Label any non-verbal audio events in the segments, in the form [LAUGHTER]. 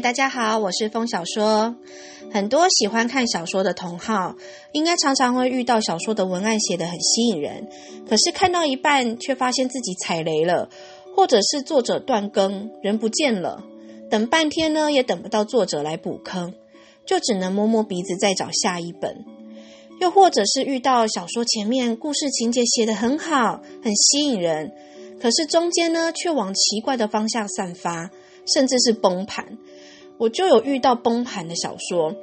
大家好，我是風小說。很多喜歡看小說的同好，應該常常會遇到小說的文案寫得很吸引人，可是看到一半卻發現自己踩雷了，或者是作者斷更，人不見了，等半天呢也等不到作者來補坑，就只能摸摸鼻子再找下一本。又或者是遇到小說前面故事情節寫得很好，很吸引人，可是中間呢卻往奇怪的方向散發，甚至是崩盤。我就有遇到崩盤的小說，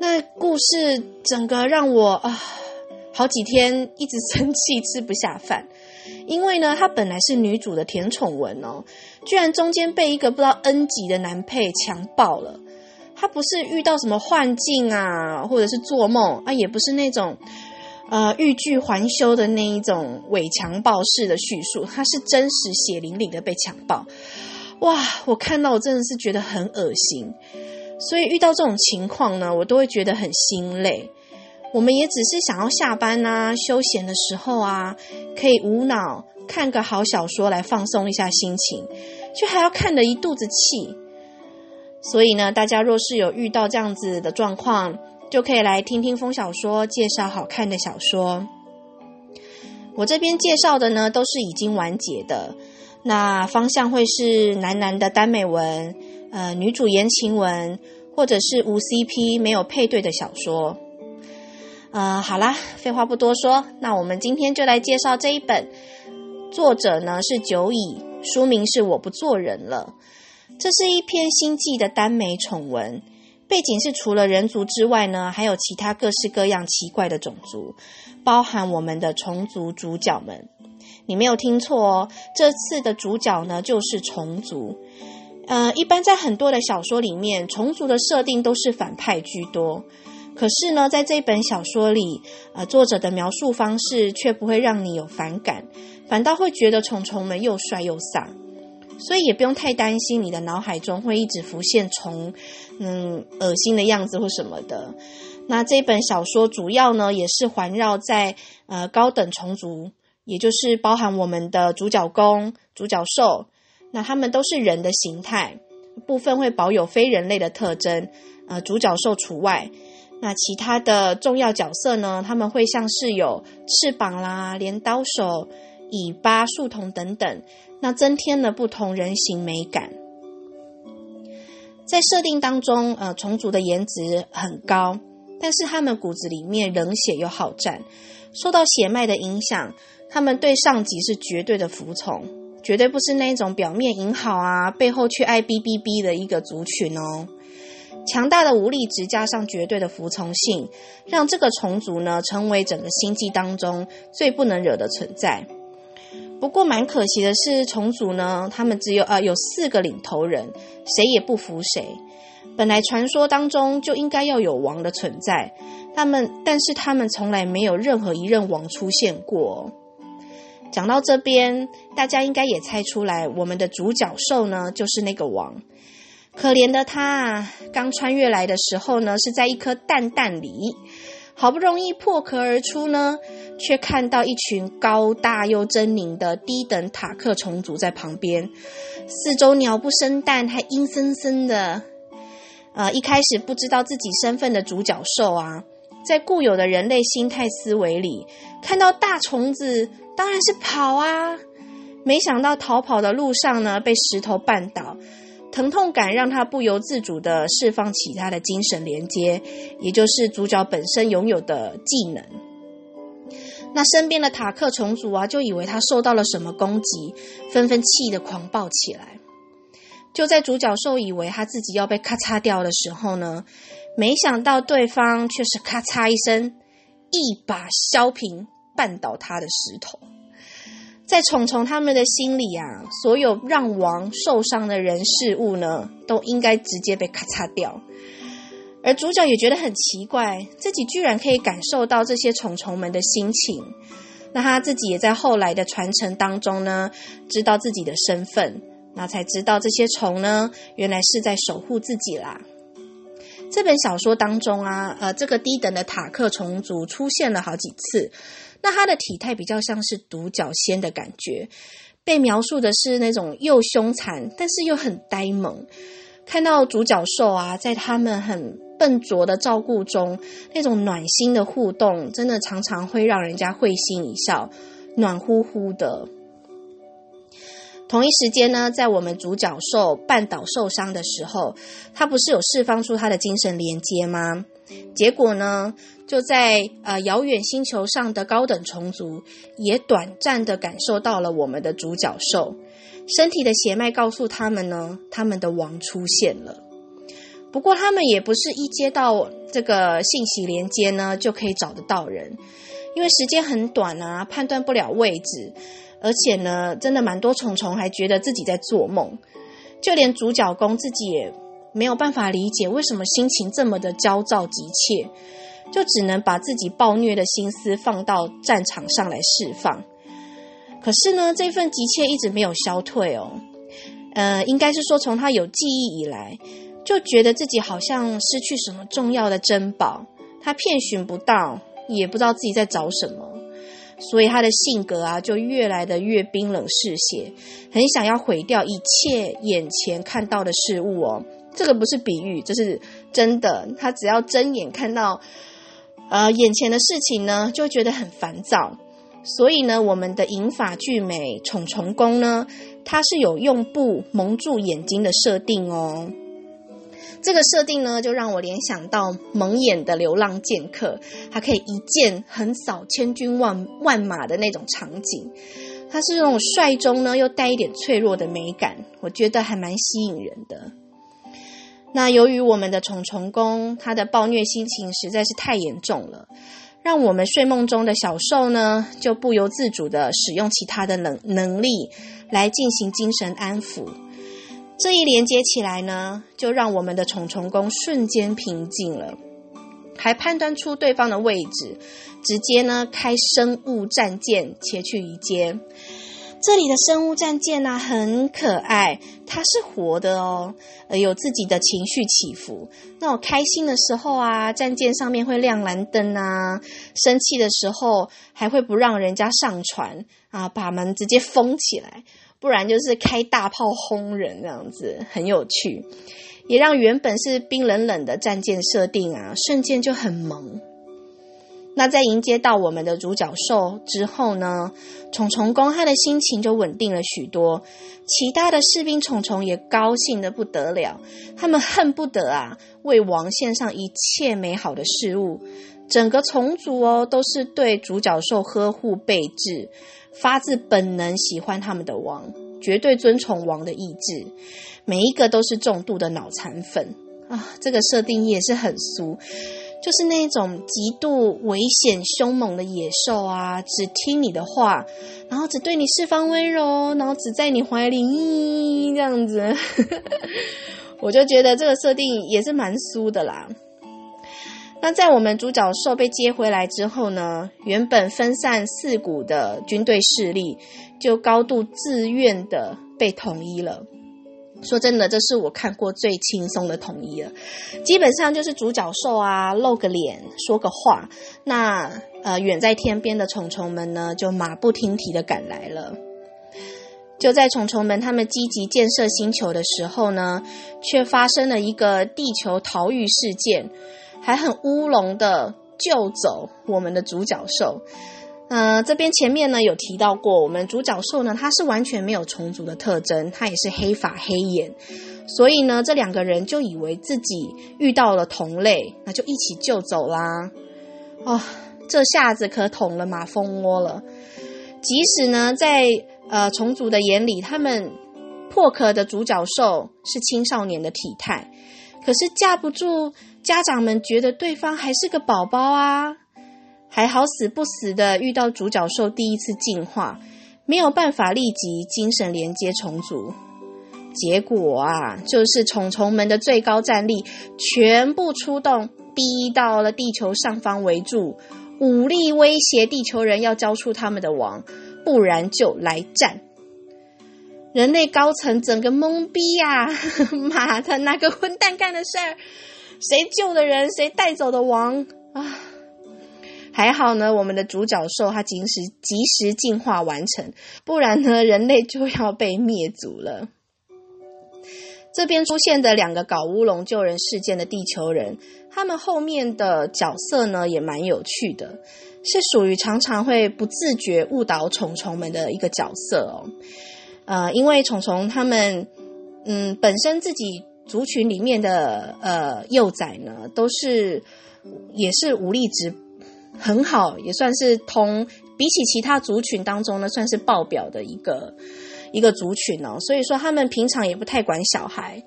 那故事整個讓我啊，好幾天一直生氣吃不下飯，因為呢，它本來是女主的甜寵文哦，居然中間被一個不知道 N 級的男配強暴了。他不是遇到什麼幻境啊，或者是做夢啊，也不是那種呃欲拒還休的那一種偽強暴式的敘述，他是真實血淋淋的被強暴。哇，我看到我真的是覺得很噁心，所以遇到這種情況呢，我都會覺得很心累。我們也只是想要下班啊、休閒的時候啊，可以無腦看個好小說來放鬆一下心情，卻還要看得一肚子氣。所以呢，大家若是有遇到這樣子的狀況，就可以來聽聽風小說，介紹好看的小說。我這邊介紹的呢，都是已經完結的。那方向會是男男的耽美文，呃，女主言情文，或者是無 CP 沒有配對的小說。呃，好啦，廢話不多說，那我們今天就來介紹這一本，作者呢是久矣，書名是我不做人了。這是一篇星際的耽美寵文，背景是除了人族之外呢，還有其他各式各樣奇怪的種族，包含我們的蟲族主角們。你沒有聽錯哦，這次的主角呢就是蟲族。呃，一般在很多的小說裡面，蟲族的設定都是反派居多。可是呢，在這本小說裡，呃，作者的描述方式卻不會讓你有反感，反倒會覺得蟲蟲們又帥又喪，所以也不用太擔心你的腦海中會一直浮現蟲，嗯，惡心的樣子或什麼的。那這本小說主要呢，也是環繞在呃高等蟲族。也就是包含我們的主角攻、主角受，那他們都是人的形態，部分會保有非人類的特徵，呃，主角受除外。那其他的重要角色呢？他們會像是有翅膀啦、鐮刀手、尾巴、樹桶等等，那增添了不同人形美感。在設定當中，呃，蟲族的顏值很高，但是他們骨子裡面冷血又好戰，受到血脈的影響。他們對上級是絕對的服從，絕對不是那種表面友好啊，背後卻愛 bbb 的一個族群哦。強大的武力值加上絕對的服從性，讓這個蟲族呢成為整個星際當中最不能惹的存在。不過蠻可惜的是，蟲族呢他們只有呃有四個領頭人，誰也不服誰。本來傳說當中就應該要有王的存在，他們但是他們從來沒有任何一任王出現過。講到這邊，大家應該也猜出來，我們的主角獸呢，就是那個王。可憐的他啊，剛穿越來的時候呢，是在一顆蛋蛋裡，好不容易破殼而出呢，卻看到一群高大又猙獰的低等塔克蟲族在旁邊，四周鳥不生蛋，還陰森森的。呃，一開始不知道自己身份的主角獸啊，在固有的人類心態思維裡，看到大蟲子。當然是跑啊！沒想到逃跑的路上呢，被石頭絆倒，疼痛感讓他不由自主地釋放起他的精神連接，也就是主角本身擁有的技能。那身邊的塔克蟲族啊，就以為他受到了什麼攻擊，紛紛氣得狂暴起來。就在主角受以為他自己要被咔嚓掉的時候呢，沒想到對方卻是咔嚓一聲，一把削平絆倒他的石頭。在蟲蟲他們的心裡啊，所有讓王受傷的人事物呢，都應該直接被咔嚓掉。而主角也覺得很奇怪，自己居然可以感受到這些蟲蟲們的心情。那他自己也在後來的傳承當中呢，知道自己的身份，那才知道這些蟲呢，原來是在守護自己啦。這本小說當中啊，呃，這個低等的塔克蟲族出現了好幾次。那它的體態比較像是獨角仙的感覺，被描述的是那種又兇殘，但是又很呆萌。看到獨角獸啊，在他們很笨拙的照顧中，那種暖心的互動，真的常常會讓人家會心一笑，暖乎乎的。同一時間呢，在我們主角受絆倒受傷的時候，他不是有釋放出他的精神連接嗎？結果呢，就在呃遙遠星球上的高等蟲族也短暫的感受到了我們的主角受身體的血脈，告訴他們呢，他們的王出現了。不過他們也不是一接到這個信息連接呢，就可以找得到人，因為時間很短啊，判斷不了位置。而且呢，真的蠻多蟲蟲還覺得自己在做夢，就連主角攻自己也沒有辦法理解為什麼心情這麼的焦躁急切，就只能把自己暴虐的心思放到戰場上來釋放。可是呢，這份急切一直沒有消退哦。呃，應該是說從他有記憶以來，就覺得自己好像失去什麼重要的珍寶，他遍尋不到，也不知道自己在找什麼。所以他的性格啊，就越來的越冰冷嗜血，很想要毀掉一切眼前看到的事物哦。這個不是比喻，這是真的。他只要睜眼看到，呃，眼前的事情呢，就會覺得很煩躁。所以呢，我們的銀髮巨美寵蟲攻呢，它是有用布蒙住眼睛的設定哦。這個設定呢，就讓我聯想到蒙眼的流浪劍客，他可以一劍橫掃千軍萬萬馬的那種場景。他是那種帥中呢又帶一點脆弱的美感，我覺得還蠻吸引人的。那由於我們的蟲蟲攻他的暴虐心情實在是太嚴重了，讓我們睡夢中的小受呢就不由自主地使用其他的能能力來進行精神安撫。這一連接起來呢，就讓我們的蟲蟲攻瞬間平靜了，還判斷出對方的位置，直接呢開生物戰艦前去迎接。這裡的生物戰艦呢、啊、很可愛，它是活的哦，有自己的情緒起伏。那我開心的時候啊，戰艦上面會亮藍燈啊；生氣的時候，還會不讓人家上船啊，把門直接封起來。不然就是開大炮轟人，這樣子很有趣，也讓原本是冰冷冷的戰艦設定啊，瞬間就很萌。那在迎接到我們的獨角獸之後呢，蟲蟲公他的心情就穩定了許多。其他的士兵蟲蟲也高興得不得了，他們恨不得啊為王獻上一切美好的事物。整個蟲族哦，都是對獨角獸呵護備至。發自本能喜歡他們的王，絕對遵從王的意志，每一個都是重度的腦殘粉啊！這個設定也是很俗，就是那種極度危險兇猛的野獸啊，只聽你的話，然後只對你釋放溫柔，然後只在你懷裡，咦，這樣子， [LAUGHS] 我就覺得這個設定也是蠻俗的啦。那在我們主角受被接回來之後呢，原本分散四股的軍隊勢力，就高度自願地被統一了。說真的，這是我看過最輕鬆的統一了。基本上就是主角受啊露個臉說個話，那呃遠在天邊的蟲蟲們呢就馬不停蹄地趕來了。就在蟲蟲們他們積極建設星球的時候呢，却發生了一個地球逃獄事件。還很烏龍的救走我們的主角受。嗯、呃，這邊前面呢有提到過，我們主角受呢它是完全沒有蟲族的特徵，它也是黑髮黑眼，所以呢這兩個人就以為自己遇到了同類，那就一起救走啦。哦，這下子可捅了馬蜂窩了。即使呢在呃蟲族的眼裡，他們破殼的主角受是青少年的體態，可是架不住。家長們覺得對方還是個寶寶啊，還好死不死的遇到獨角獸第一次進化，沒有辦法立即精神連接重組，結果啊，就是蟲蟲們的最高戰力全部出動，逼到了地球上方圍住，武力威脅地球人要交出他們的王，不然就來戰。人類高層整個懵逼呀、啊！媽的，那個混蛋幹的事兒！誰救的人，誰帶走的王啊？還好呢，我們的獨角獸它及時及時進化完成，不然呢，人類就要被滅族了。這邊出現的兩個搞烏龍救人事件的地球人，他們後面的角色呢，也蠻有趣的，是屬於常常會不自覺誤導蟲蟲們的一個角色哦。呃，因為蟲蟲他們，嗯，本身自己。族群裡面的呃幼崽呢，都是也是武力值很好，也算是同比起其他族群當中呢，算是爆表的一個一個族群哦。所以說他們平常也不太管小孩，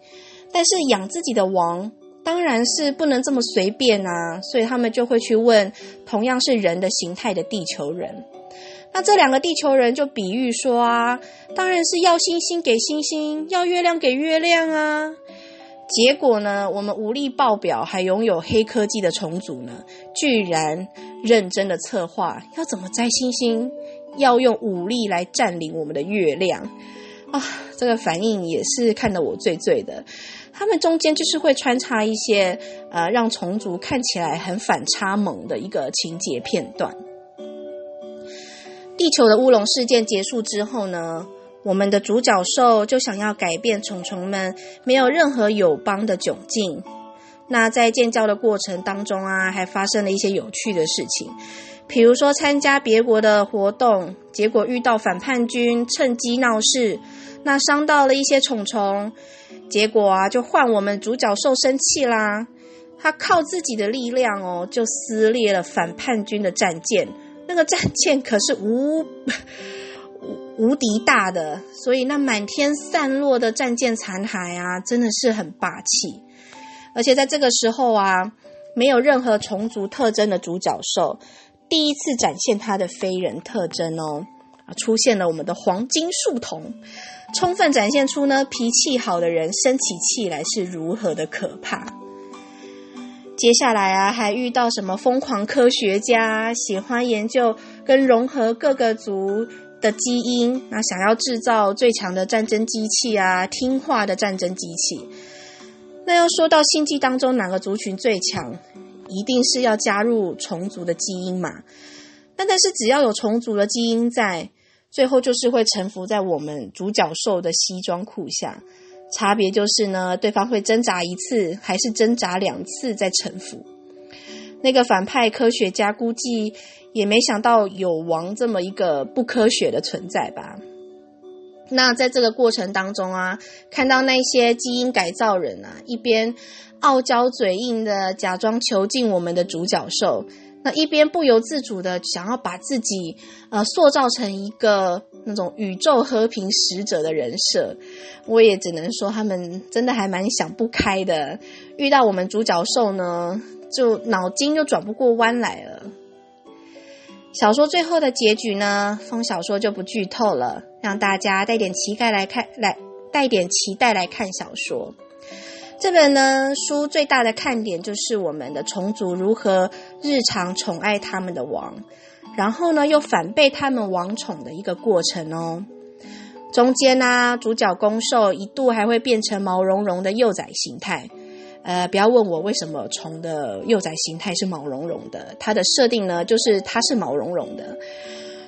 但是養自己的王當然是不能這麼隨便啊，所以他們就會去問同樣是人的形態的地球人。那這兩個地球人就比喻說啊，當然是要星星給星星，要月亮給月亮啊。結果呢？我們武力爆表，還擁有黑科技的蟲族呢，居然認真的策劃要怎麼摘星星，要用武力來占領我們的月亮啊，哦，這個反應也是看得我醉醉的。他們中間就是會穿插一些呃，讓蟲族看起來很反差萌的一個情節片段。地球的烏龍事件結束之後呢，我們的主角獸就想要改變蟲蟲們沒有任何友邦的窘境。那在建交的過程當中啊，還發生了一些有趣的事情，比如說參加別國的活動，結果遇到反叛軍趁機鬧事，那傷到了一些蟲蟲，結果啊就換我們主角獸生氣啦。他靠自己的力量哦，就撕裂了反叛軍的戰艦。那個戰艦可是無。無敵大的，所以那滿天散落的戰艦殘骸啊，真的是很霸氣。而且在這個時候啊，沒有任何蟲族特徵的獨角獸，第一次展現它的非人特徵哦，出現了我們的黃金豎瞳，充分展現出呢脾氣好的人生起氣來是如何的可怕。接下來啊，還遇到什麼瘋狂科學家，喜歡研究跟融合各個族的基因，那想要製造最強的戰爭機器啊，聽話的戰爭機器。那要說到星際當中哪個族群最強，一定是要加入蟲族的基因嘛。那但，但是只要有蟲族的基因在，最後就是會臣服在我們獨角獸的西裝褲下。差別就是呢，對方會掙扎一次，還是掙扎兩次再臣服。那個反派科學家估計也沒想到有王這麼一個不科學的存在吧？那在這個過程當中啊，看到那些基因改造人啊，一邊傲嬌嘴硬的假裝囚禁我們的主角受，那一邊不由自主的想要把自己呃塑造成一個那種宇宙和平使者的人設，我也只能說他們真的還蠻想不開的。遇到我們主角受呢？就腦筋就轉不過彎來了。小說最後的結局呢？封小說就不劇透了，讓大家帶點期待來看，來帶點期待來看小說。這本呢書最大的看點就是我們的蟲族如何日常寵愛他們的王，然後呢又反被他們王寵的一個過程哦、喔。中間呢、啊，主角攻受一度還會變成毛茸茸的幼崽形態。呃，不要問我為什麼蟲的幼崽形態是毛茸茸的，它的設定呢，就是它是毛茸茸的。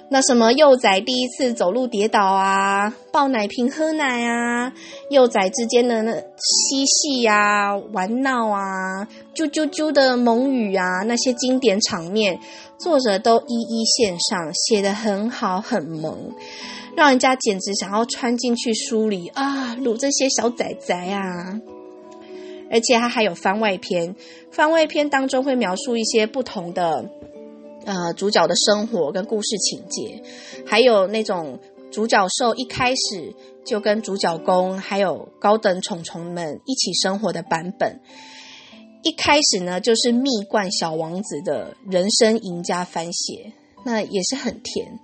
那什麼幼崽第一次走路跌倒啊，抱奶瓶喝奶啊，幼崽之間的那嬉戲啊，玩鬧啊，啾啾啾的萌語啊，那些經典場面，作者都一一獻上，寫得很好很萌，讓人家簡直想要穿進去書裡啊，擼這些小崽崽啊。而且它還有番外篇，番外篇當中會描述一些不同的，呃，主角的生活跟故事情節，還有那種主角受一開始就跟主角攻還有高等蟲蟲們一起生活的版本。一開始呢，就是蜜罐小王子的人生贏家番外，那也是很甜。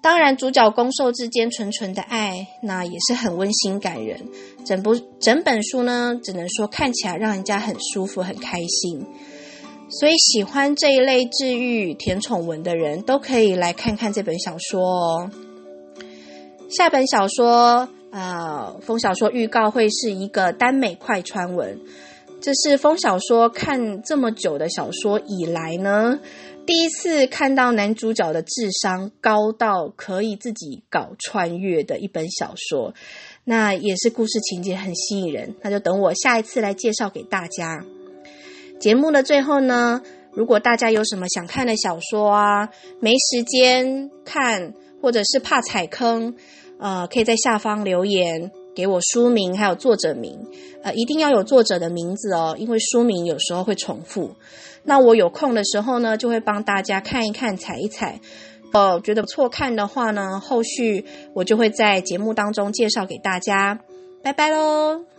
當然，主角攻受之間純純的愛，那也是很溫馨感人。整本整本書呢，只能說看起來讓人家很舒服，很開心，所以喜歡這一類治癒甜寵文的人都可以來看看這本小說哦。下本小說啊、呃，風小說預告會是一個耽美快穿文，這是風小說看這麼久的小說以來呢，第一次看到男主角的智商高到可以自己搞穿越的一本小說。那也是故事情節很吸引人，那就等我下一次來介紹給大家。節目的最後呢，如果大家有什麼想看的小說啊，沒時間看或者是怕踩坑，呃，可以在下方留言給我書名還有作者名，呃，一定要有作者的名字哦，因為書名有時候會重複。那我有空的時候呢，就會幫大家看一看，踩一踩。哦，覺得不錯看的話呢，後續我就會在節目當中介紹給大家。拜拜嘍。